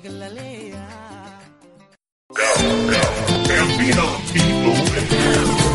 Go, go,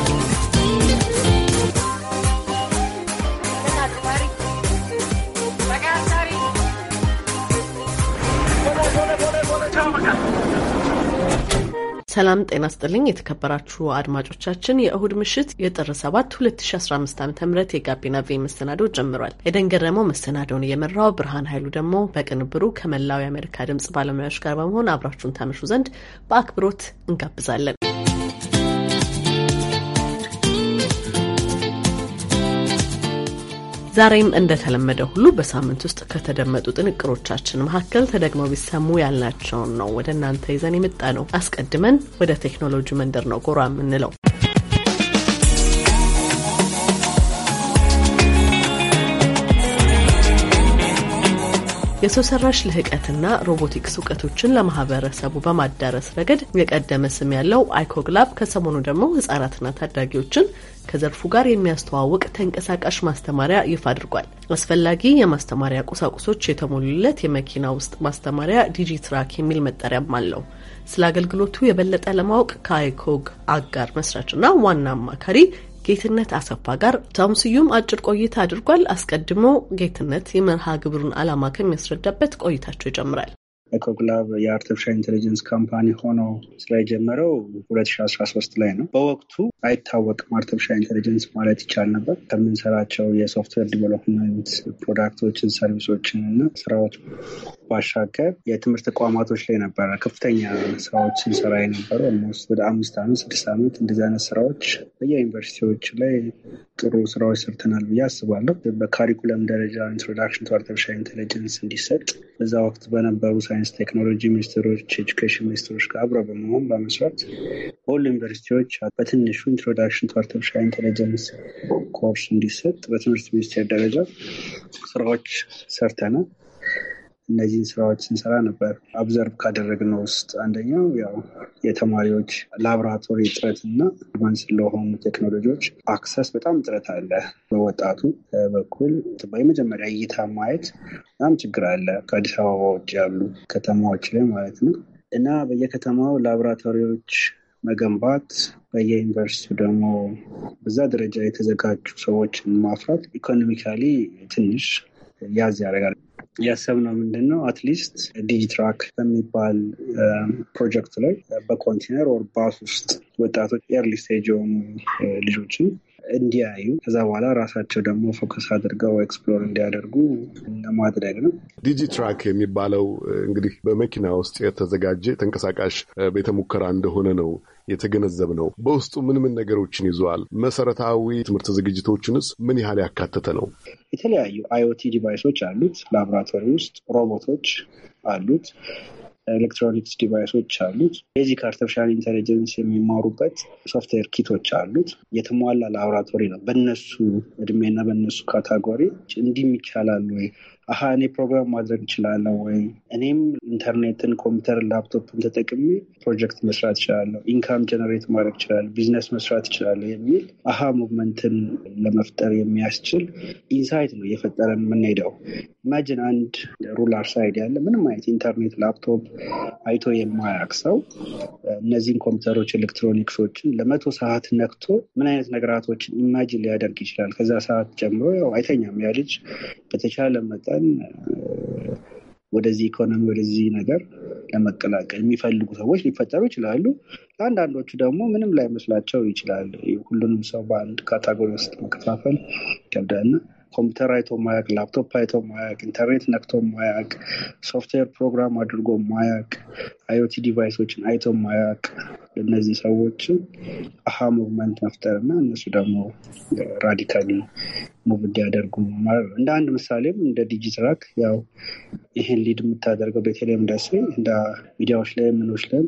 ሰላም ጤና ስጥልኝ። የተከበራችሁ አድማጮቻችን የእሁድ ምሽት የጥር 7 2015 ዓ.ም የጋቢና ቬ መሰናዶ ጀምሯል። ኤደን ገረመው መሰናዶውን የመራው ብርሃን ኃይሉ ደግሞ በቅንብሩ ከመላው የአሜሪካ ድምጽ ባለሙያዎች ጋር በመሆን አብራችሁን ታመሹ ዘንድ በአክብሮት እንጋብዛለን። ዛሬም እንደተለመደ ሁሉ በሳምንት ውስጥ ከተደመጡ ጥንቅሮቻችን መካከል ተደግመው ቢሰሙ ያልናቸውን ነው ወደ እናንተ ይዘን የመጣ ነው። አስቀድመን ወደ ቴክኖሎጂ መንደር ነው ጎራ የምንለው። የሰው ሰራሽ ልህቀትና ሮቦቲክስ እውቀቶችን ለማህበረሰቡ በማዳረስ ረገድ የቀደመ ስም ያለው አይኮግላብ ከሰሞኑ ደግሞ ህጻናትና ታዳጊዎችን ከዘርፉ ጋር የሚያስተዋውቅ ተንቀሳቃሽ ማስተማሪያ ይፋ አድርጓል። አስፈላጊ የማስተማሪያ ቁሳቁሶች የተሞሉለት የመኪና ውስጥ ማስተማሪያ ዲጂትራክ የሚል መጠሪያም አለው። ስለ አገልግሎቱ የበለጠ ለማወቅ ከአይኮግ አጋር መስራችና ዋና አማካሪ ጌትነት አሰፋ ጋር ስዩም አጭር ቆይታ አድርጓል። አስቀድሞ ጌትነት የመርሃ ግብሩን ዓላማ ከሚያስረዳበት ቆይታቸው ይጀምራል። ኤኮግላብ የአርቲፊሻል ኢንቴሊጀንስ ካምፓኒ ሆኖ ስራ የጀመረው ሁለት አስራ ሶስት ላይ ነው። በወቅቱ አይታወቅም አርቲፊሻል ኢንቴሊጀንስ ማለት ይቻል ነበር። ከምንሰራቸው የሶፍትዌር ዲቨሎፕመንት ፕሮዳክቶችን፣ ሰርቪሶችን እና ስራዎች ባሻገር የትምህርት ተቋማቶች ላይ ነበረ ከፍተኛ ስራዎች ስንሰራ የነበረ ኦልሞስት ወደ አምስት ዓመት ስድስት ዓመት እንደዚህ አይነት ስራዎች በየዩኒቨርሲቲዎች ላይ ጥሩ ስራዎች ሰርተናል ብዬ አስባለሁ። በካሪኩለም ደረጃ ኢንትሮዳክሽን ቱ አርቲፊሻል ኢንቴሊጀንስ እንዲሰጥ በዛ ወቅት በነበሩ ሳይንስ ቴክኖሎጂ ሚኒስትሮች፣ ኤጁኬሽን ሚኒስትሮች ጋር አብረ በመሆን በመስራት በሁሉ ዩኒቨርሲቲዎች በትንሹ ኢንትሮዳክሽን ቱ አርቲፊሻል ኢንቴሊጀንስ ኮርስ እንዲሰጥ በትምህርት ሚኒስቴር ደረጃ ስራዎች ሰርተናል። እነዚህን ስራዎች ስንሰራ ነበር። አብዘርቭ ካደረግነው ውስጥ አንደኛው ያው የተማሪዎች ላቦራቶሪ እጥረት እና አድቫንስ ለሆኑ ቴክኖሎጂዎች አክሰስ በጣም እጥረት አለ። በወጣቱ በኩል የመጀመሪያ እይታ ማየት በጣም ችግር አለ። ከአዲስ አበባ ውጭ ያሉ ከተማዎች ላይ ማለት ነው እና በየከተማው ላቦራቶሪዎች መገንባት በየዩኒቨርሲቲው ደግሞ በዛ ደረጃ የተዘጋጁ ሰዎችን ማፍራት ኢኮኖሚካሊ ትንሽ ያዝ ያደርጋል። ያሰብነው ምንድን ነው አትሊስት ዲጂትራክ በሚባል ፕሮጀክት um, ላይ በኮንቴነር ኦር ባስ ውስጥ ወጣቶች ኤርሊ ስቴጅ የሆኑ uh, ልጆችን እንዲያዩ ከዛ በኋላ ራሳቸው ደግሞ ፎከስ አድርገው ኤክስፕሎር እንዲያደርጉ ለማድረግ ነው። ዲጂትራክ የሚባለው እንግዲህ በመኪና ውስጥ የተዘጋጀ ተንቀሳቃሽ ቤተሙከራ እንደሆነ ነው የተገነዘብ ነው። በውስጡ ምን ምን ነገሮችን ይዘዋል? መሰረታዊ ትምህርት ዝግጅቶችንስ ምን ያህል ያካተተ ነው? የተለያዩ አይኦቲ ዲቫይሶች አሉት። ላቦራቶሪ ውስጥ ሮቦቶች አሉት። ኤሌክትሮኒክስ ዲቫይሶች አሉት። ቤዚክ አርቲፊሻል ኢንቴሊጀንስ የሚማሩበት ሶፍትዌር ኪቶች አሉት። የተሟላ ላቦራቶሪ ነው። በነሱ እድሜና በነሱ ካታጎሪ እንዲህ ይቻላል ወይ አሀ እኔ ፕሮግራም ማድረግ እችላለሁ ወይም እኔም ኢንተርኔትን፣ ኮምፒውተር፣ ላፕቶፕን ተጠቅሜ ፕሮጀክት መስራት እችላለሁ፣ ኢንካም ጀነሬት ማድረግ እችላለሁ፣ ቢዝነስ መስራት እችላለሁ የሚል አሀ ሙቭመንትን ለመፍጠር የሚያስችል ኢንሳይት ነው እየፈጠረን የምንሄደው። ኢማጂን አንድ ሩላር ሳይድ ያለ ምንም አይነት ኢንተርኔት፣ ላፕቶፕ አይቶ የማያውቅ ሰው እነዚህን ኮምፒውተሮች፣ ኤሌክትሮኒክሶችን ለመቶ ሰዓት ነክቶ ምን አይነት ነገራቶችን ኢማጂን ሊያደርግ ይችላል? ከዛ ሰዓት ጀምሮ ያው አይተኛም ያ ልጅ በተቻለ መጠ መጠን ወደዚህ ኢኮኖሚ ወደዚህ ነገር ለመቀላቀል የሚፈልጉ ሰዎች ሊፈጠሩ ይችላሉ። አንዳንዶቹ ደግሞ ምንም ላይመስላቸው ይችላል። ሁሉንም ሰው በአንድ ካታጎሪ ውስጥ መከፋፈል ይከብዳልና ኮምፒውተር አይቶ ማያቅ፣ ላፕቶፕ አይቶ ማያቅ፣ ኢንተርኔት ነክቶ ማያቅ፣ ሶፍትዌር ፕሮግራም አድርጎ ማያቅ፣ አይኦቲ ዲቫይሶችን አይቶ ማያቅ እነዚህ ሰዎችን አሃ ሙቭመንት መፍጠር እና እነሱ ደግሞ ራዲካሊ ሙቭ እንዲያደርጉ እንደ አንድ ምሳሌም እንደ ዲጂትራክ ያው ይህን ሊድ የምታደርገው በተለይ ኢንዱስትሪ እንደ ሚዲያዎች ላይ ምኖች ላይ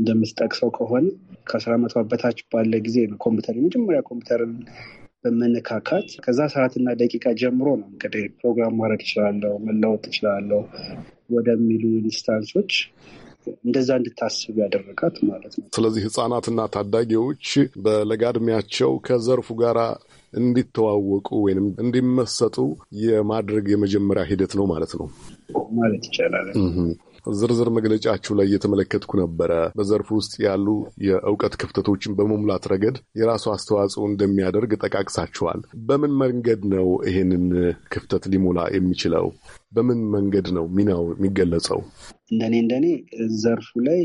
እንደምትጠቅሰው ከሆነ ከአስራ ዓመቷ በታች ባለ ጊዜ ነው ኮምፒውተር የመጀመሪያ ኮምፒውተርን በመነካካት ከዛ ሰዓትና ደቂቃ ጀምሮ ነው እንግዲህ ፕሮግራም ማድረግ እችላለሁ፣ መለወጥ እችላለሁ ወደሚሉ ኢንስታንሶች እንደዛ እንድታስብ ያደረጋት ማለት ነው። ስለዚህ ህጻናትና ታዳጊዎች በለጋ ከዘርፉ ጋር እንዲተዋወቁ ወይንም እንዲመሰጡ የማድረግ የመጀመሪያ ሂደት ነው ማለት ነው ማለት ይቻላል። ዝርዝር መግለጫችሁ ላይ እየተመለከትኩ ነበረ። በዘርፉ ውስጥ ያሉ የእውቀት ክፍተቶችን በመሙላት ረገድ የራሱ አስተዋጽኦ እንደሚያደርግ ጠቃቅሳችኋል። በምን መንገድ ነው ይሄንን ክፍተት ሊሞላ የሚችለው? በምን መንገድ ነው ሚናው የሚገለጸው? እንደኔ እንደኔ ዘርፉ ላይ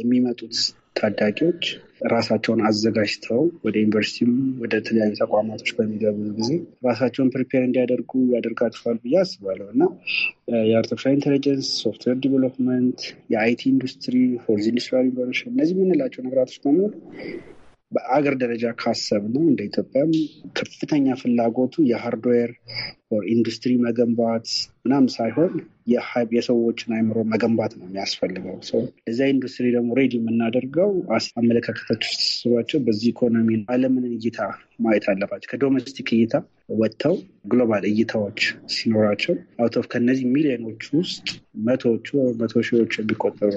የሚመጡት ታዳጊዎች ራሳቸውን አዘጋጅተው ወደ ዩኒቨርሲቲም ወደ ተለያዩ ተቋማቶች በሚገቡ ጊዜ ራሳቸውን ፕሪፔር እንዲያደርጉ ያደርጋቸዋል ብዬ አስባለሁ እና የአርቲፊሻል ኢንቴሊጀንስ፣ ሶፍትዌር ዲቨሎፕመንት፣ የአይቲ ኢንዱስትሪ፣ ፎርዝ ኢንዱስትሪያል ሪቮሉሽን እነዚህ የምንላቸው ነገራቶች በሙሉ በአገር ደረጃ ካሰብ ነው እንደ ኢትዮጵያም ከፍተኛ ፍላጎቱ የሃርድዌር ኢንዱስትሪ መገንባት ምናም ሳይሆን የሰዎችን አይምሮ መገንባት ነው የሚያስፈልገው። እዚያ ኢንዱስትሪ ደግሞ ሬዲ የምናደርገው ውስጥ ስባቸው በዚህ ኢኮኖሚ ዓለምን እይታ ማየት አለባቸው። ከዶሜስቲክ እይታ ወጥተው ግሎባል እይታዎች ሲኖራቸው አውት ከነዚህ ሚሊዮኖች ውስጥ መቶዎቹ መቶ ሺዎች የሚቆጠሩ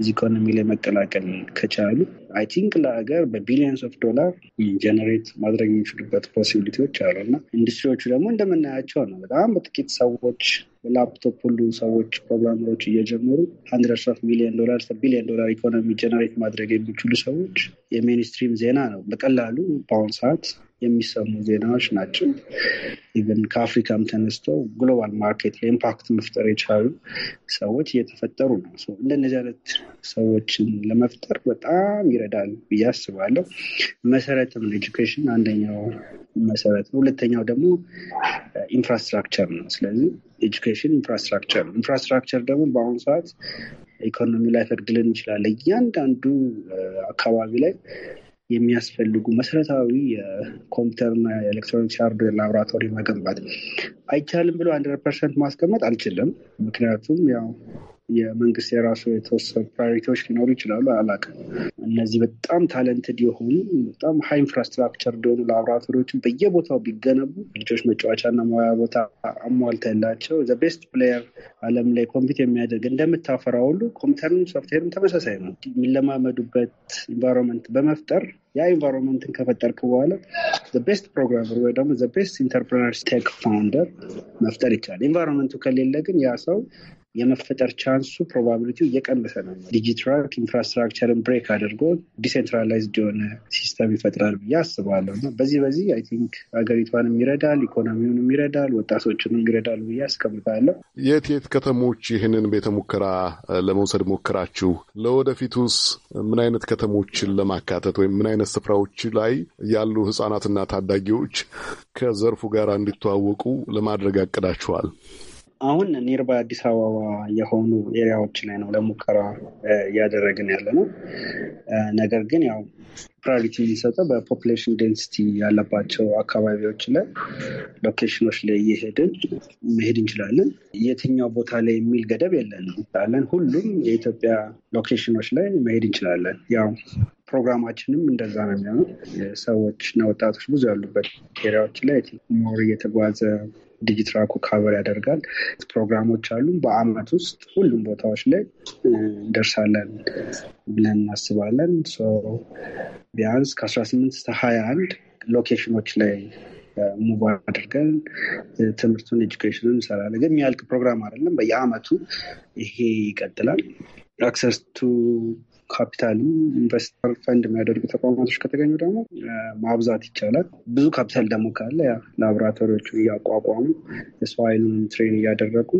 እዚህ ኢኮኖሚ ላይ መቀላቀል ከቻሉ አይ ቲንክ ለሀገር በቢሊየንስ ኦፍ ዶላር ጀነሬት ማድረግ የሚችሉበት ፖሲቢሊቲዎች አሉ እና ኢንዱስትሪዎቹ ደግሞ እንደምናያቸው ነው። በጣም በጥቂት ሰዎች ላፕቶፕ ሁሉ ሰዎች ፕሮግራመሮች እየጀመሩ ሀንድረድ ኦፍ ሚሊዮን ዶላር ቢሊዮን ዶላር ኢኮኖሚ ጀነሬት ማድረግ የሚችሉ ሰዎች የሜንስትሪም ዜና ነው በቀላሉ በአሁኑ ሰዓት የሚሰሙ ዜናዎች ናቸው። ኢቨን ከአፍሪካም ተነስተው ግሎባል ማርኬት ለኢምፓክት መፍጠር የቻሉ ሰዎች እየተፈጠሩ ነው። እንደነዚህ አይነት ሰዎችን ለመፍጠር በጣም ይረዳል ብዬ አስባለሁ። መሰረትም ኤጁኬሽን አንደኛው መሰረት ነው። ሁለተኛው ደግሞ ኢንፍራስትራክቸር ነው። ስለዚህ ኤጁኬሽን ኢንፍራስትራክቸር ነው። ኢንፍራስትራክቸር ደግሞ በአሁኑ ሰዓት ኢኮኖሚ ላይ ፈቅድልን ይችላል። እያንዳንዱ አካባቢ ላይ የሚያስፈልጉ መሰረታዊ የኮምፒውተርና የኤሌክትሮኒክስ ሃርድዌር ላቦራቶሪ መገንባት አይቻልም ብሎ አንድ ፐርሰንት ማስቀመጥ አልችልም። ምክንያቱም ያው የመንግስት የራሱ የተወሰኑ ፕራዮሪቲዎች ሊኖሩ ይችላሉ። አላውቅም። እነዚህ በጣም ታለንትድ የሆኑ በጣም ሀይ ኢንፍራስትራክቸር ደሆኑ ላቦራቶሪዎችን በየቦታው ቢገነቡ ልጆች መጫወቻና መዋያ ቦታ አሟልተ ያላቸው ዘቤስት ፕሌየር ዓለም ላይ ኮምፒት የሚያደርግ እንደምታፈራ ሁሉ ኮምፒውተርም ሶፍትዌርም ተመሳሳይ ነው። የሚለማመዱበት ኢንቫይሮንመንት በመፍጠር ያ ኢንቫይሮንመንትን ከፈጠርክ በኋላ ቤስት ፕሮግራመር ወይ ደግሞ ቤስት ኢንተርፕረነር ቴክ ፋውንደር መፍጠር ይቻላል። ኢንቫይሮንመንቱ ከሌለ ግን ያ ሰው የመፈጠር ቻንሱ ፕሮባቢሊቲው እየቀነሰ ነው። ዲጂትራክ ኢንፍራስትራክቸርን ብሬክ አድርጎ ዲሴንትራላይዝድ የሆነ ሲስተም ይፈጥራል ብዬ አስባለሁ እና በዚህ በዚህ አይ ቲንክ ሀገሪቷንም ይረዳል፣ ኢኮኖሚውንም ይረዳል፣ ወጣቶችንም ይረዳል ብዬ አስቀምጣለሁ። የት የት ከተሞች ይህንን ቤተ ሙከራ ለመውሰድ ሞክራችሁ? ለወደፊቱስ ምን አይነት ከተሞችን ለማካተት ወይም ምን አይነት ስፍራዎች ላይ ያሉ ህጻናትና ታዳጊዎች ከዘርፉ ጋር እንዲተዋወቁ ለማድረግ አቅዳችኋል? አሁን ኒርባ አዲስ አበባ የሆኑ ኤሪያዎች ላይ ነው ለሙከራ እያደረግን ያለ ነው። ነገር ግን ያው ፕራዮሪቲ የሚሰጠው በፖፕሌሽን ዴንሲቲ ያለባቸው አካባቢዎች ላይ ሎኬሽኖች ላይ እየሄድን መሄድ እንችላለን። የትኛው ቦታ ላይ የሚል ገደብ የለንም ያለን ሁሉም የኢትዮጵያ ሎኬሽኖች ላይ መሄድ እንችላለን። ያው ፕሮግራማችንም እንደዛ ነው የሚሆነው። ሰዎችና ወጣቶች ብዙ ያሉበት ኤሪያዎች ላይ ሞር እየተጓዘ ዲጂትራኩ ካቨር ያደርጋል። ፕሮግራሞች አሉ። በአመት ውስጥ ሁሉም ቦታዎች ላይ እንደርሳለን ብለን እናስባለን። ቢያንስ ከ18 እስከ አንድ ሎኬሽኖች ላይ ሙቭ አድርገን ትምህርቱን ኤጁኬሽኑን እንሰራለን። ግን የሚያልቅ ፕሮግራም አይደለም። በየአመቱ ይሄ ይቀጥላል። አክሰስ ቱ ካፒታልም ኢንቨስተር ፈንድ የሚያደርጉ ተቋማቶች ከተገኙ ደግሞ ማብዛት ይቻላል። ብዙ ካፒታል ደግሞ ካለ ላቦራቶሪዎቹ እያቋቋሙ የሰው ኃይሉን ትሬን እያደረጉ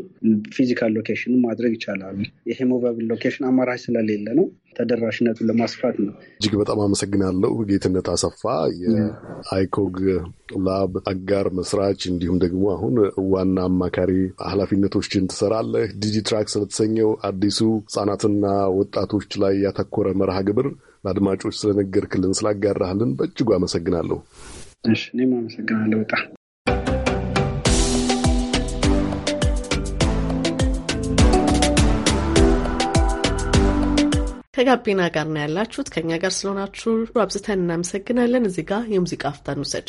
ፊዚካል ሎኬሽን ማድረግ ይቻላል። ይሄ ሞባይል ሎኬሽን አማራጭ ስለሌለ ነው። ተደራሽነቱን ለማስፋት ነው። እጅግ በጣም አመሰግናለሁ። ጌትነት አሰፋ የአይኮግ ላብ አጋር መስራች እንዲሁም ደግሞ አሁን ዋና አማካሪ ኃላፊነቶችን ትሰራለህ። ዲጂትራክ ስለተሰኘው አዲሱ ህጻናትና ወጣቶች ላይ ያተኮረ መርሃ ግብር ለአድማጮች ስለነገርክልን ስላጋራህልን በእጅጉ አመሰግናለሁ። እኔም አመሰግናለሁ በጣም። ከጋቢና ጋር ነው ያላችሁት። ከእኛ ጋር ስለሆናችሁ አብዝተን እናመሰግናለን። እዚህ ጋር የሙዚቃ አፍታን ውሰድ።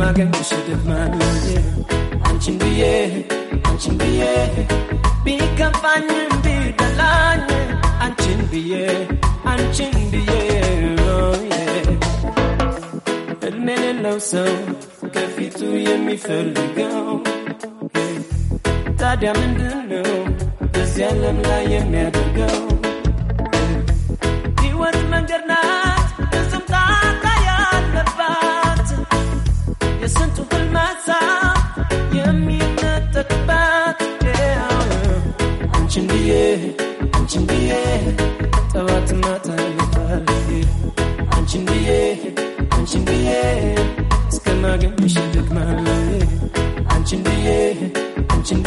ማገኝ ስድብ ብዬ አንቺን ብዬ ቢደላኝ አንቺን ብዬ አንቺን ብዬ ሌለው ሰው ከፊቱ የሚፈልገው ታዲያ ምንድን ነው በዚህ ዓለም ላይ የሚያደርገው ህይወት መንገድ ና አንቺን ብዬ አንቺን ብዬ ጠዋት ማታ ልፋልዬ አንቺን ብዬ አንቺን ብዬ እስከማገኝሽ ደግማለሁ አንቺን ብዬ አንቺን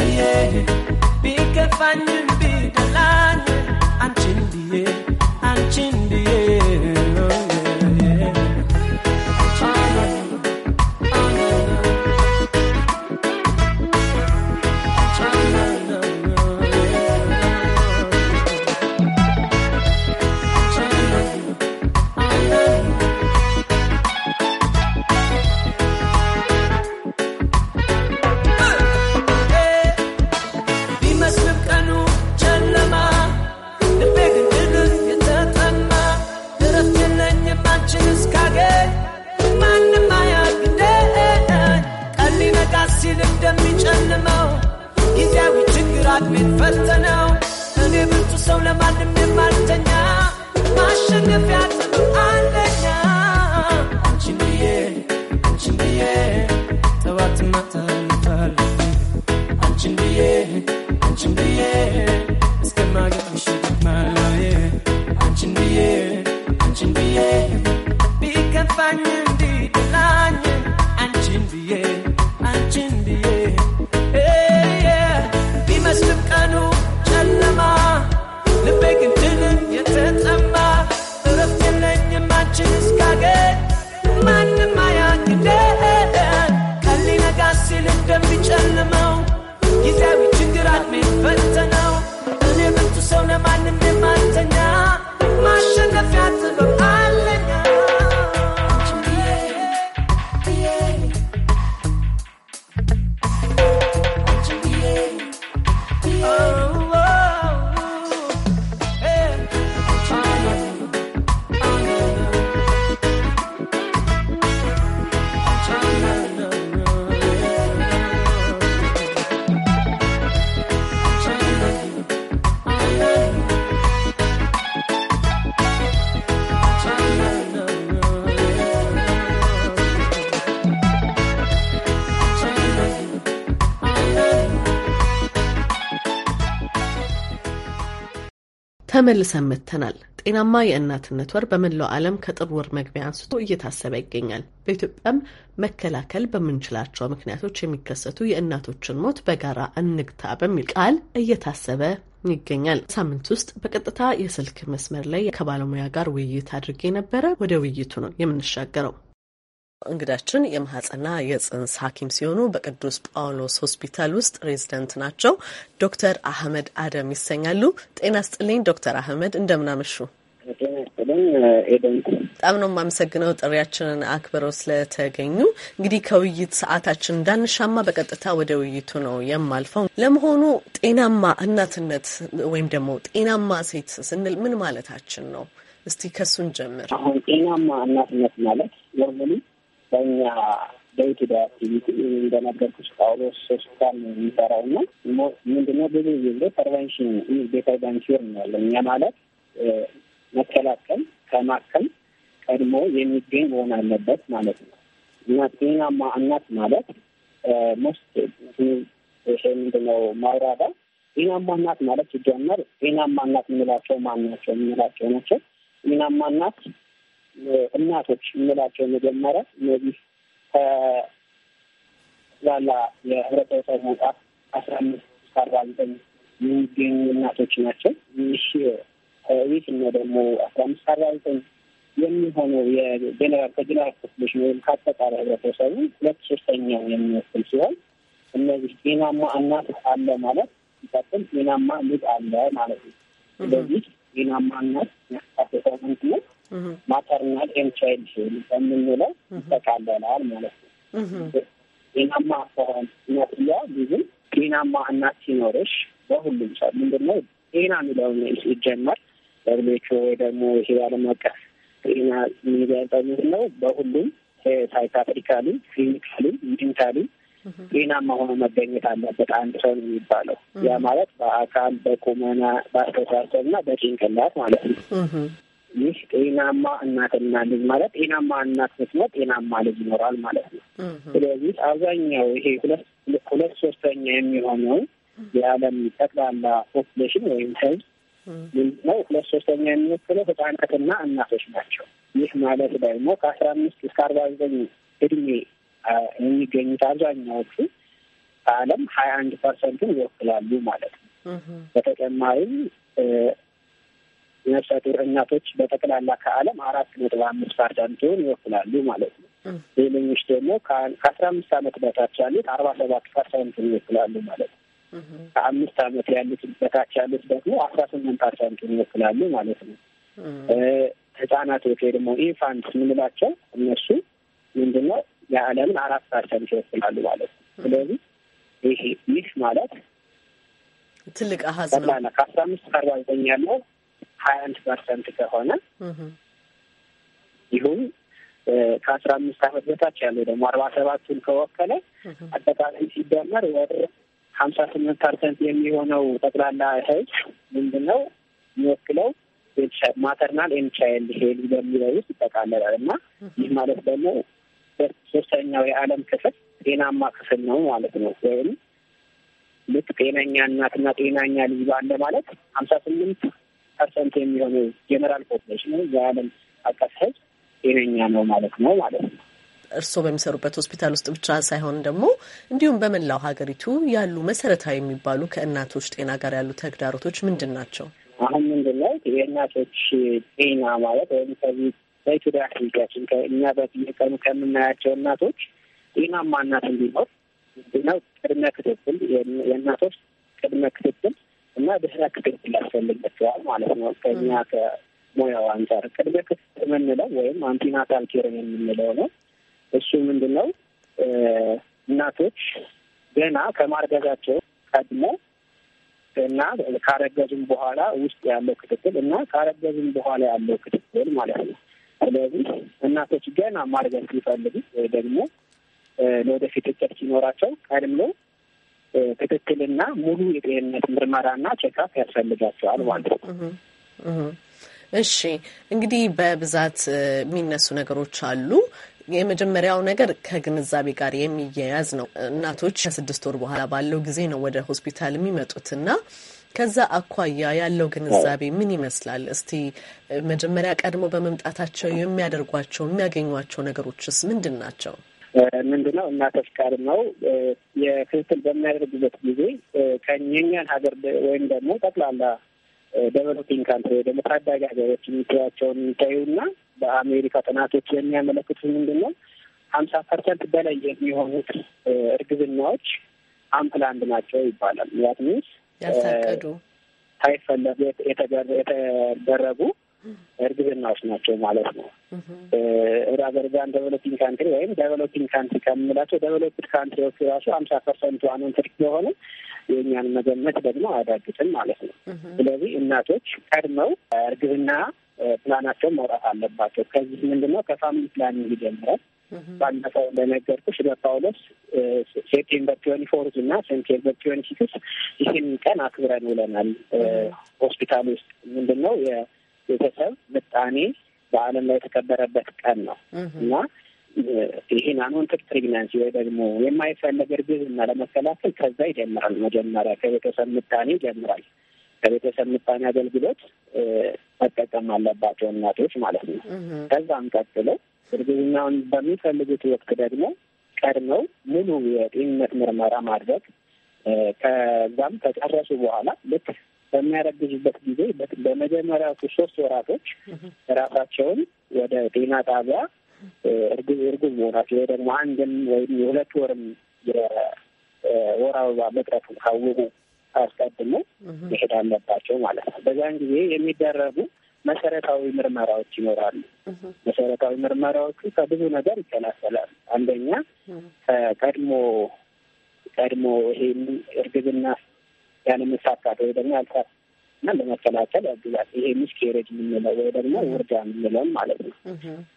matter. ተመልሰን መጥተናል። ጤናማ የእናትነት ወር በመላው ዓለም ከጥር ወር መግቢያ አንስቶ እየታሰበ ይገኛል። በኢትዮጵያም መከላከል በምንችላቸው ምክንያቶች የሚከሰቱ የእናቶችን ሞት በጋራ እንግታ በሚል ቃል እየታሰበ ይገኛል። ሳምንት ውስጥ በቀጥታ የስልክ መስመር ላይ ከባለሙያ ጋር ውይይት አድርጌ ነበረ። ወደ ውይይቱ ነው የምንሻገረው። እንግዳችን የማህጸንና የጽንስ ሐኪም ሲሆኑ በቅዱስ ጳውሎስ ሆስፒታል ውስጥ ሬዚደንት ናቸው። ዶክተር አህመድ አደም ይሰኛሉ። ጤና ስጥልኝ ዶክተር አህመድ እንደምናመሹ። በጣም ነው የማመሰግነው ጥሪያችንን አክብረው ስለተገኙ። እንግዲህ ከውይይት ሰዓታችን እንዳንሻማ በቀጥታ ወደ ውይይቱ ነው የማልፈው። ለመሆኑ ጤናማ እናትነት ወይም ደግሞ ጤናማ ሴት ስንል ምን ማለታችን ነው? እስቲ ከሱን ጀምር። አሁን ጤናማ እናትነት ማለት ኖርማሊ በእኛ በኢትዮጵያ አክቲቪቲ እንደነገርኩሽ ጳውሎስ ሶስታን የሚሰራው ና ምንድነው ብዙ ጊዜ ፐርቨንሽን ባንኪር ያለ እኛ ማለት መከላከል ከማከም ቀድሞ የሚገኝ መሆን አለበት ማለት ነው እና ጤናማ እናት ማለት ሞስት ይሄ ምንድነው ማውራዳ ጤናማ እናት ማለት ሲጀመር ጤናማ እናት የምንላቸው ማን ናቸው የምንላቸው ናቸው ጤናማ እናት እናቶች የምንላቸው መጀመሪያ እነዚህ ከላላ የህብረተሰብ መጽሐፍ አስራ አምስት አርባ ዘጠኝ የሚገኙ እናቶች ናቸው። ይህ ይህ ነው ደግሞ አስራ አምስት አርባ ዘጠኝ የሚሆነው የጀኔራል ከጀኔራል ፖፑሌሽን ወይም ከአጠቃላይ ህብረተሰቡ ሁለት ሶስተኛው የሚወስል ሲሆን እነዚህ ጤናማ እናት አለ ማለት ሲቀጥል ጤናማ ልጅ አለ ማለት ነው። ስለዚህ ጤናማ እናት ያካተተ ምንት ነው? ማተርናል ኤንቻይልድ በምንለው ይጠቃለላል ማለት ነው። ጤናማ ሆን ነጥያ ብዙ ጤናማ እናት ሲኖርሽ በሁሉም ሰው ምንድነው ጤና የሚለውን ሲጀመር ደብሌች ወይ ደግሞ ይሄ ዓለም አቀፍ ጤና የሚገልጠው ምንድነው በሁሉም ሳይካትሪካሊ፣ ክሊኒካሊ፣ ሜንታሊ ጤናማ ሆኖ መገኘት አለበት አንድ ሰው ነው የሚባለው። ያ ማለት በአካል፣ በቁመና፣ በአስተሳሰብ እና በጭንቅላት ማለት ነው። ይህ ጤናማ እናትና ልጅ ማለት ጤናማ እናት ስትኖር ጤናማ ልጅ ይኖራል ማለት ነው። ስለዚህ አብዛኛው ይሄ ሁለት ሁለት ሶስተኛ የሚሆነው የዓለም ጠቅላላ ፖፕሌሽን ወይም ህዝብ ምንድነው ሁለት ሶስተኛ የሚወክለው ህጻናትና እናቶች ናቸው። ይህ ማለት ደግሞ ከአስራ አምስት እስከ አርባ ዘጠኝ እድሜ የሚገኙት አብዛኛዎቹ ከዓለም ሀያ አንድ ፐርሰንቱን ይወክላሉ ማለት ነው። በተጨማሪም ነፍሰ ጡር እናቶች በጠቅላላ ከዓለም አራት ነጥብ አምስት ፐርሰንቱን ይወክላሉ ማለት ነው። ሌሎኞች ደግሞ ከአስራ አምስት ዓመት በታች ያሉት አርባ ሰባት ፐርሰንቱን ይወክላሉ ማለት ነው። ከአምስት ዓመት ያሉት በታች ያሉት ደግሞ አስራ ስምንት ፐርሰንቱን ይወክላሉ ማለት ነው። ህጻናቶች ወይ ደግሞ ኢንፋንት የምንላቸው እነሱ ምንድነው የዓለምን አራት ፐርሰንት ይወክላሉ ማለት ነው። ስለዚህ ይሄ ይህ ማለት ትልቅ አሀዝ ነው። ከአስራ አምስት ከአርባ ዘጠኝ ያለው ሀያ አንድ ፐርሰንት ከሆነ ይሁን ከአስራ አምስት አመት በታች ያለው ደግሞ አርባ ሰባቱን ከወከለ አጠቃላይ ሲደመር ወደ ሀምሳ ስምንት ፐርሰንት የሚሆነው ጠቅላላ ህዝብ ምንድን ነው የሚወክለው ማተርናል ኤንድ ቻይልድ ሄልዝ በሚለው ውስጥ ይጠቃለላል እና ይህ ማለት ደግሞ ሶስተኛው የዓለም ክፍል ጤናማ ክፍል ነው ማለት ነው ወይም ልክ ጤነኛ እናትና ጤናኛ ልጅ ባለ ማለት ሀምሳ ስምንት ፐርሰንት የሚሆኑ ጀኔራል ፖፕሌሽን የዓለም አቀፍ ህዝብ ጤነኛ ነው ማለት ነው ማለት ነው። እርስዎ በሚሰሩበት ሆስፒታል ውስጥ ብቻ ሳይሆን ደግሞ እንዲሁም በመላው ሀገሪቱ ያሉ መሰረታዊ የሚባሉ ከእናቶች ጤና ጋር ያሉ ተግዳሮቶች ምንድን ናቸው? አሁን ምንድን ነው የእናቶች ጤና ማለት ወይም ከዚህ በኢትዮጵያ አክቲቪቲያችን ከእኛ በየቀኑ ከምናያቸው እናቶች ጤናማ እናት እንዲኖር ነው ቅድመ ክትትል የእናቶች ቅድመ ክትትል እና ድህረ ክትትል ያስፈልግበቸዋል ማለት ነው። ከኛ ከሙያው አንጻር ቅድመ ክትትል የምንለው ወይም አንቲናታል ኬር የምንለው ነው። እሱ ምንድን ነው? እናቶች ገና ከማርገዛቸው ቀድሞ እና ካረገዙም በኋላ ውስጥ ያለው ክትትል እና ካረገዙም በኋላ ያለው ክትትል ማለት ነው። ስለዚህ እናቶች ገና ማርገዝ ሲፈልጉ ወይ ደግሞ ለወደፊት እቅድ ሲኖራቸው ቀድሞ ትክክልና ሙሉ የጤንነት ምርመራና ቼካፕ ያስፈልጋቸዋል ማለት ነው። እሺ እንግዲህ በብዛት የሚነሱ ነገሮች አሉ። የመጀመሪያው ነገር ከግንዛቤ ጋር የሚያያዝ ነው። እናቶች ከስድስት ወር በኋላ ባለው ጊዜ ነው ወደ ሆስፒታል የሚመጡት እና ከዛ አኳያ ያለው ግንዛቤ ምን ይመስላል? እስቲ መጀመሪያ ቀድሞ በመምጣታቸው የሚያደርጓቸው የሚያገኟቸው ነገሮችስ ምንድን ናቸው? ምንድነው እናቶች ቃል ነው የክትትል በሚያደርግበት ጊዜ ከኛን ሀገር ወይም ደግሞ ጠቅላላ ደቨሎፒንግ ካንትሪ ወይ ደግሞ ታዳጊ ሀገሮች የሚታያቸውን የሚታዩና በአሜሪካ ጥናቶች የሚያመለክቱ ምንድን ነው ሀምሳ ፐርሰንት በላይ የሚሆኑት እርግዝናዎች አምፕላንድ ናቸው ይባላል። ያት ሚንስ ሳይፈለጉ የተደረጉ እርግዝናዎች ናቸው ማለት ነው። ወደ ሀገር ደቨሎፒንግ ካንትሪ ወይም ደቨሎፒንግ ካንትሪ ከምንላቸው ደቨሎፕድ ካንትሪዎች ራሱ ሀምሳ ፐርሰንት አንንትሪ ስለሆነ የእኛን መገመት ደግሞ አያዳግጥም ማለት ነው። ስለዚህ እናቶች ቀድመው እርግዝና ፕላናቸውን ማውጣት አለባቸው። ከዚህ ምንድነው ከፋሚሊ ፕላኒንግ ይጀምራል። ባለፈው እንደነገርኩሽ በጳውሎስ ሴፕቴምበር ትዌንቲ ፎርዝ እና ሴፕቴምበር ትዌንቲ ሲክስ ይህን ቀን አክብረን ውለናል። ሆስፒታል ውስጥ ምንድነው ቤተሰብ ምጣኔ በዓለም ላይ የተከበረበት ቀን ነው እና ይህን አንወንትድ ፕሬግናንሲ ወይ ደግሞ የማይፈለግ እርግዝና ለመከላከል ከዛ ይጀምራል። መጀመሪያ ከቤተሰብ ምጣኔ ይጀምራል። ከቤተሰብ ምጣኔ አገልግሎት መጠቀም አለባቸው እናቶች ማለት ነው። ከዛም ቀጥሎ እርግዝናውን በሚፈልጉት ወቅት ደግሞ ቀድመው ሙሉ የጤንነት ምርመራ ማድረግ ከዛም ከጨረሱ በኋላ ልክ በሚያረግዙበት ጊዜ በመጀመሪያዎቹ ሶስት ወራቶች ራሳቸውን ወደ ጤና ጣቢያ እርግዝ እርግዝ መሆናቸው ወይ ደግሞ አንድም ወይም የሁለት ወርም የወር አበባ መቅረቱን ካወቁ አስቀድሞ መሄድ አለባቸው ማለት ነው። በዚያን ጊዜ የሚደረጉ መሰረታዊ ምርመራዎች ይኖራሉ። መሰረታዊ ምርመራዎቹ ከብዙ ነገር ይከላከላል። አንደኛ ከቀድሞ ቀድሞ ይሄን እርግዝና ያን ሳካት ወይ ደግሞ ያልሳ እና ለመከላከል ያግዛል። ይሄ ሚስኬሬጅ የምንለው ወይ ደግሞ ውርጃ የምንለውም ማለት ነው።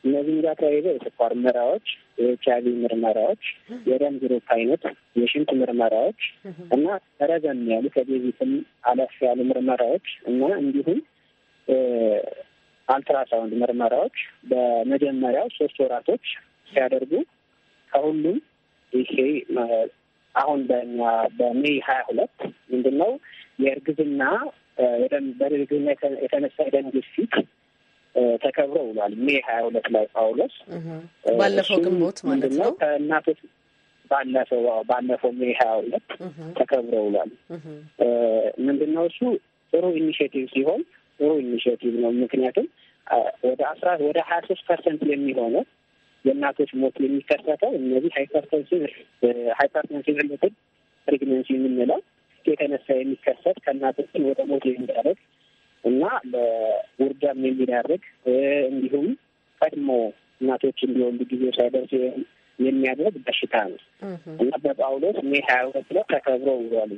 እነዚህም ጋር ተያይዘው የስኳር ምርመራዎች፣ የኤች አይቪ ምርመራዎች፣ የደም ግሩፕ አይነት፣ የሽንት ምርመራዎች እና ረዘም ያሉ ከቤቢትም አለፍ ያሉ ምርመራዎች እና እንዲሁም አልትራሳውንድ ምርመራዎች በመጀመሪያው ሶስት ወራቶች ሲያደርጉ ከሁሉም ይሄ አሁን በሜይ ሀያ ሁለት ምንድን ነው የእርግዝና በእርግዝና የተነሳ የደም ግፊት ተከብሮ ውሏል። ሜይ ሀያ ሁለት ላይ ጳውሎስ ባለፈው ግንቦት ማለት ነው ከእናቶች ባለፈው ባለፈው ሜይ ሀያ ሁለት ተከብሮ ውሏል። ምንድን ነው እሱ ጥሩ ኢኒሽቲቭ ሲሆን ጥሩ ኢኒሽቲቭ ነው። ምክንያቱም ወደ አስራ ወደ ሀያ ሶስት ፐርሰንት የሚሆነው የእናቶች ሞት የሚከሰተው እነዚህ ሃይፐርቴንሽን ሃይፐርቴንሽን ሪሌትድ ፕሬግነንሲ የምንለው የተነሳ የሚከሰት ከእናቶችን ወደ ሞት የሚዳረግ እና ለውርጃም የሚዳርግ እንዲሁም ቀድሞ እናቶች እንዲወልዱ ጊዜ ሳይደርስ የሚያደርግ በሽታ ነው እና በጳውሎስ ሜ ሀያ ሁለት ላይ ተከብሮ ውሏል።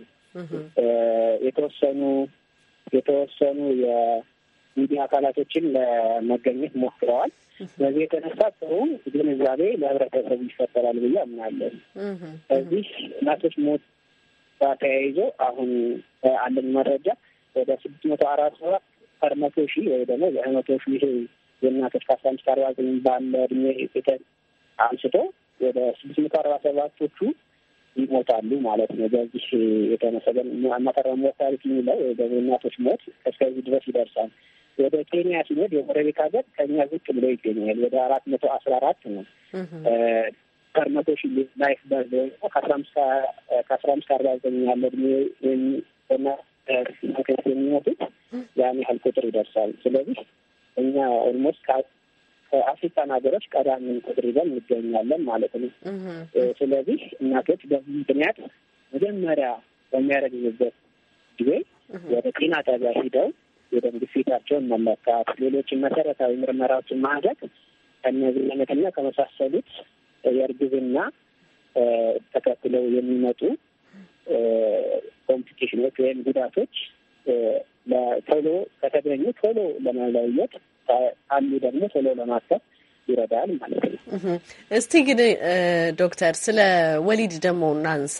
የተወሰኑ የተወሰኑ የሚዲያ አካላቶችን ለመገኘት ሞክረዋል። በዚህ የተነሳ ጥሩ ግንዛቤ ለህብረተሰቡ ይፈጠራል ብዬ አምናለን። በዚህ እናቶች ሞት ተያይዞ አሁን አለን መረጃ ወደ ስድስት መቶ አራት ሰባት ፐር መቶ ሺህ ወይ ደግሞ በመቶ ሺህ የእናቶች ከአስራ አምስት አርባ ዘጠኝ ባለ እድሜ ቤተን አንስቶ ወደ ስድስት መቶ አርባ ሰባቶቹ ይሞታሉ ማለት ነው። በዚህ የተመሰገን ማተራ ሞት ታሪክ የሚለው ወይ ደግሞ እናቶች ሞት እስከዚህ ድረስ ይደርሳል። ወደ ኬንያ ሲሄድ የጎረቤት ሀገር ከኛ ዝቅ ብሎ ይገኛል። ወደ አራት መቶ አስራ አራት ነው ፐር መቶ ሺ ላይፍ ባዝ ከአስራ አምስት አርባ ዘጠኝ ያለ እድሜ ምክንያት የሚሞቱት ያን ያህል ቁጥር ይደርሳል። ስለዚህ እኛ ኦልሞስት ከአፍሪካን ሀገሮች ቀዳሚን ቁጥር ይዘን እንገኛለን ማለት ነው። ስለዚህ እናቶች በዚህ ምክንያት መጀመሪያ በሚያረግዝበት ጊዜ ወደ ጤና ጣቢያ ሂደው የደም ግፊታቸውን መለካት፣ ሌሎችን መሰረታዊ ምርመራዎችን ማድረግ ከእነዚህ አይነትና ከመሳሰሉት የእርግዝና ተከትለው የሚመጡ ኮምፕሊኬሽኖች ወይም ጉዳቶች ቶሎ ከተገኙ ቶሎ ለመለየት አሉ ደግሞ ቶሎ ለማሰብ ይረዳል ማለት ነው። እስቲ ግን ዶክተር ስለ ወሊድ ደግሞ እናንሳ።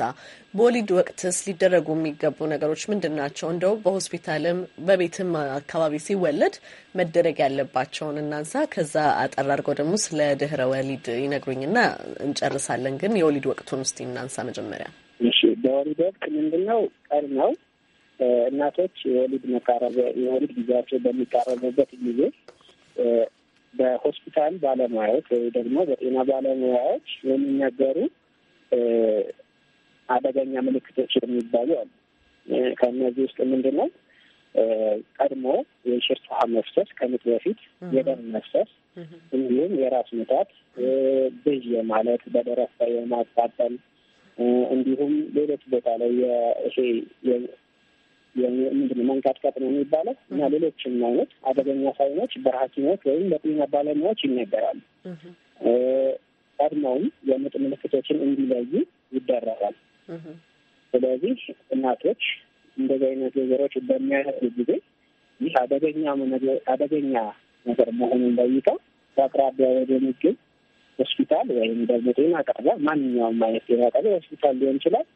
በወሊድ ወቅትስ ሊደረጉ የሚገቡ ነገሮች ምንድን ናቸው? እንደው በሆስፒታልም በቤትም አካባቢ ሲወለድ መደረግ ያለባቸውን እናንሳ። ከዛ አጠር አድርገው ደግሞ ስለ ድህረ ወሊድ ይነግሩኝና እንጨርሳለን። ግን የወሊድ ወቅቱን ውስጥ እናንሳ መጀመሪያ። እሺ፣ በወሊድ ወቅት ምንድን ነው ቀን ነው እናቶች የወሊድ መቃረቢያ የወሊድ ጊዜያቸው በሚቃረቡበት ጊዜ በሆስፒታል ባለሙያዎች ወይ ደግሞ በጤና ባለሙያዎች የሚነገሩ አደገኛ ምልክቶች የሚባሉ አሉ። ከእነዚህ ውስጥ ምንድን ነው ቀድሞ የሽርት ውሃ መፍሰስ ከምጥ በፊት የደም መፍሰስ፣ እንዲሁም የራስ ምታት፣ ብዥ ማለት፣ በደረት ላይ የማቃጠል እንዲሁም ሌሎች ቦታ ላይ ይሄ ምንድን መንቀጥቀጥ ነው የሚባለው እና ሌሎችም አይነት አደገኛ ሳይኖች በሐኪሞች ወይም በጤና ባለሙያዎች ይነገራሉ። ቀድመውም የምጥ ምልክቶችን እንዲለዩ ይደረጋል። ስለዚህ እናቶች እንደዚህ አይነት ነገሮች በሚያደርጉ ጊዜ ይህ አደገኛ አደገኛ ነገር መሆኑን ለይተው በአቅራቢያ ወደሚገኝ ሆስፒታል ወይም ደግሞ ጤና ቀርበ ማንኛውም አይነት ጤና ቀርበ ሆስፒታል ሊሆን ይችላል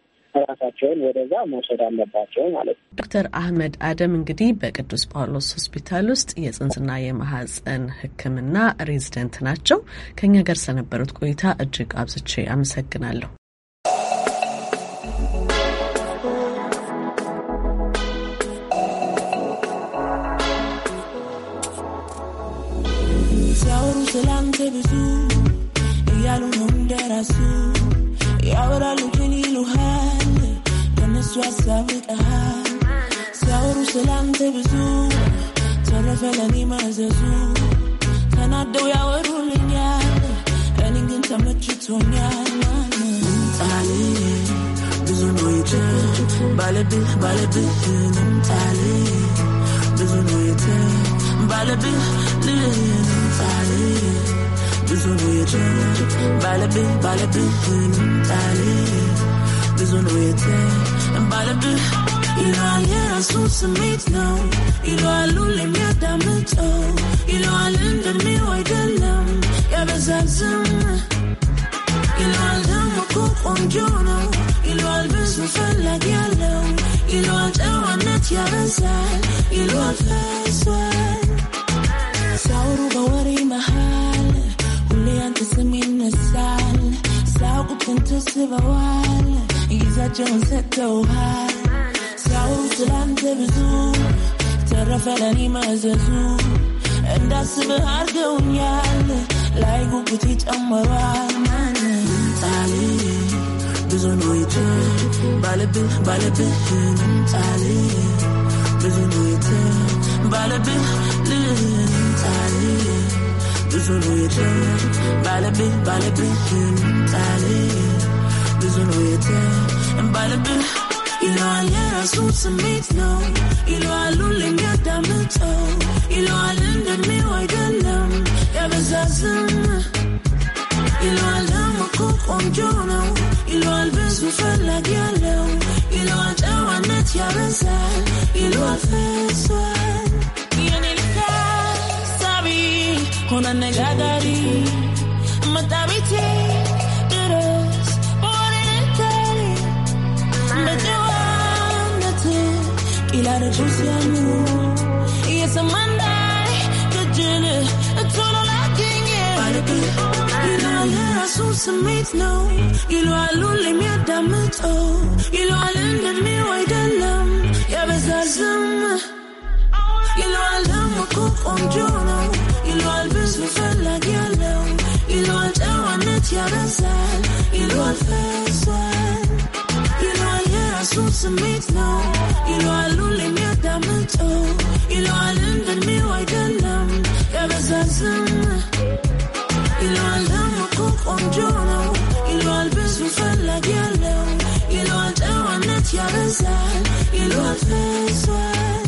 ራሳቸውን ወደዛ መውሰድ አለባቸው ማለት ነው። ዶክተር አህመድ አደም እንግዲህ በቅዱስ ጳውሎስ ሆስፒታል ውስጥ የጽንስና የማህፀን ሕክምና ሬዚደንት ናቸው። ከኛ ጋር ስለነበሩት ቆይታ እጅግ አብዝቼ አመሰግናለሁ። ሲያወሩ ስላንተ ብዙ እሱ ያሳብቃል ሲያወሩ ስላንተ ብዙ ተረፈ ለእኔ ማዘዙ ተናደው ያወሩልኛል እኔን ግን ተመችቶኛል ንምጣል ብዙ ነው የት ባለብህ ባለብህ ንምጣል ብዙ ነው የት ባለብህ ንምጣል ብዙ ነው የት ባለብህ ባለብህ ንምጣል ብዙ ነው የትንባለብህ ይለዋል የራሱ ስሜት ነው ይለዋል ሁሌም የሚያዳምጠው ይለዋል እንደሚው አይደለም ያበዛዝም ዝም ይለዋል ደግሞ እኮ ቆንጆ ነው ይለዋል ብዙ ፈላጊ ያለው ይለዋል ጨዋነት ያበዛል ይለዋል ፈሷል ሳውሩ በወሬ መሃል ሁሌ አንተ ስም ይነሳል ሳቁትን ትስበዋል ይዛቸውን ሰጥተውሃል። ሰው ስላንተ ብዙ ተረፈ ለኔ መዘዙ እንዳስብህ አድርገውኛል። ላይ ጉጉቴ ጨምሯል። ምንጣሌ ብዙ ነው ባለብህ ባለብህ ምንጣሌ ብዙ ነው ባለብህ ልምጣሌ ብዙ ነው ባለብህ ባለብህ ምንጣሌ ብዙ ነው የት እንባልብህ ይለዋል የራሱ ስሜት ነው ይለዋል ሁሌም ይለዋል እንደሚው አይደለም ያበዛዝም ይለዋል ደግሞ እኮ ቆንጆ ነው ይለዋል ብዙ ፈላጊ ያለው ይለዋል ጨዋነት ያበዛል ይለዋል ፈሷል ሆነ አነጋጋሪ መጣ ቤቴ You know I'll tell one that you're the sun, you know I'll ራሱን ስሜት ነው ይለዋሉ የሚያዳምጠው ይለዋል እንደሚው አይደለም ያበዛዝም ይለዋል ደግሞ እኮ ቆንጆ ነው ይለዋል ብዙ ፈላጊ ያለው ይለዋል ጨዋነት ያበዛል ይለዋል ፈሷል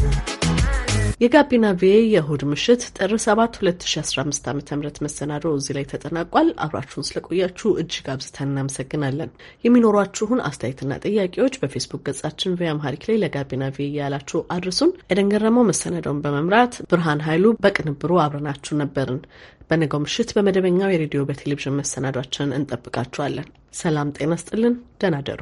የጋቢና ቪ የእሁድ ምሽት ጥር 7 2015 ዓ ም መሰናዶ እዚህ ላይ ተጠናቋል። አብራችሁን ስለቆያችሁ እጅግ አብዝተን እናመሰግናለን። የሚኖሯችሁን አስተያየትና ጥያቄዎች በፌስቡክ ገጻችን ቪ አምሃሪክ ላይ ለጋቢና ቪ ያላችሁ አድርሱን። ኤደን ገረመው መሰናዳውን በመምራት ብርሃን ኃይሉ በቅንብሩ አብረናችሁ ነበርን። በነገው ምሽት በመደበኛው የሬዲዮ በቴሌቪዥን መሰናዷችንን እንጠብቃችኋለን። ሰላም ጤና ስጥልን። ደህና ደሩ።